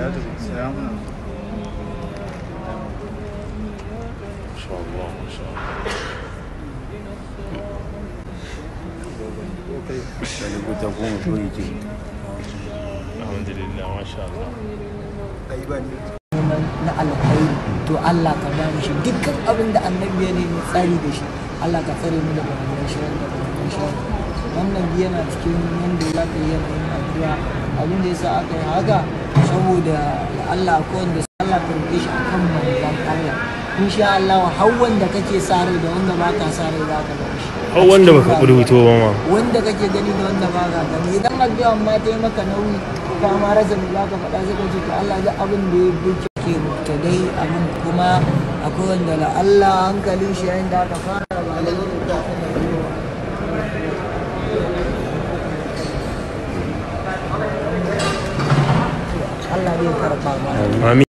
الشهادة بالإسلام ما na alkhairi to Allah ka ba shi dukkan abin da annabi ya nemi tsari da shi Allah ka tsare mu daga wannan shirin da wannan shirin wannan yana cikin yanda za ka yi addu'a abin da ya sa aka yi haka saboda Allah ko wanda Allah ta rike shi akan manzon Allah insha Allah har wanda kake sa rai da wanda ba ka sa rai za ka ga shi har wanda baka kurwito ba ma wanda kake gani da wanda ba ka gani idan addu'a ma ta yi maka nauyi ka ma raza mu za ka faɗa sai ka ce to Allah ga abin da ya buke ke mutadai abin kuma akwai wanda la Allah hankalin shi yayin da aka fara ba la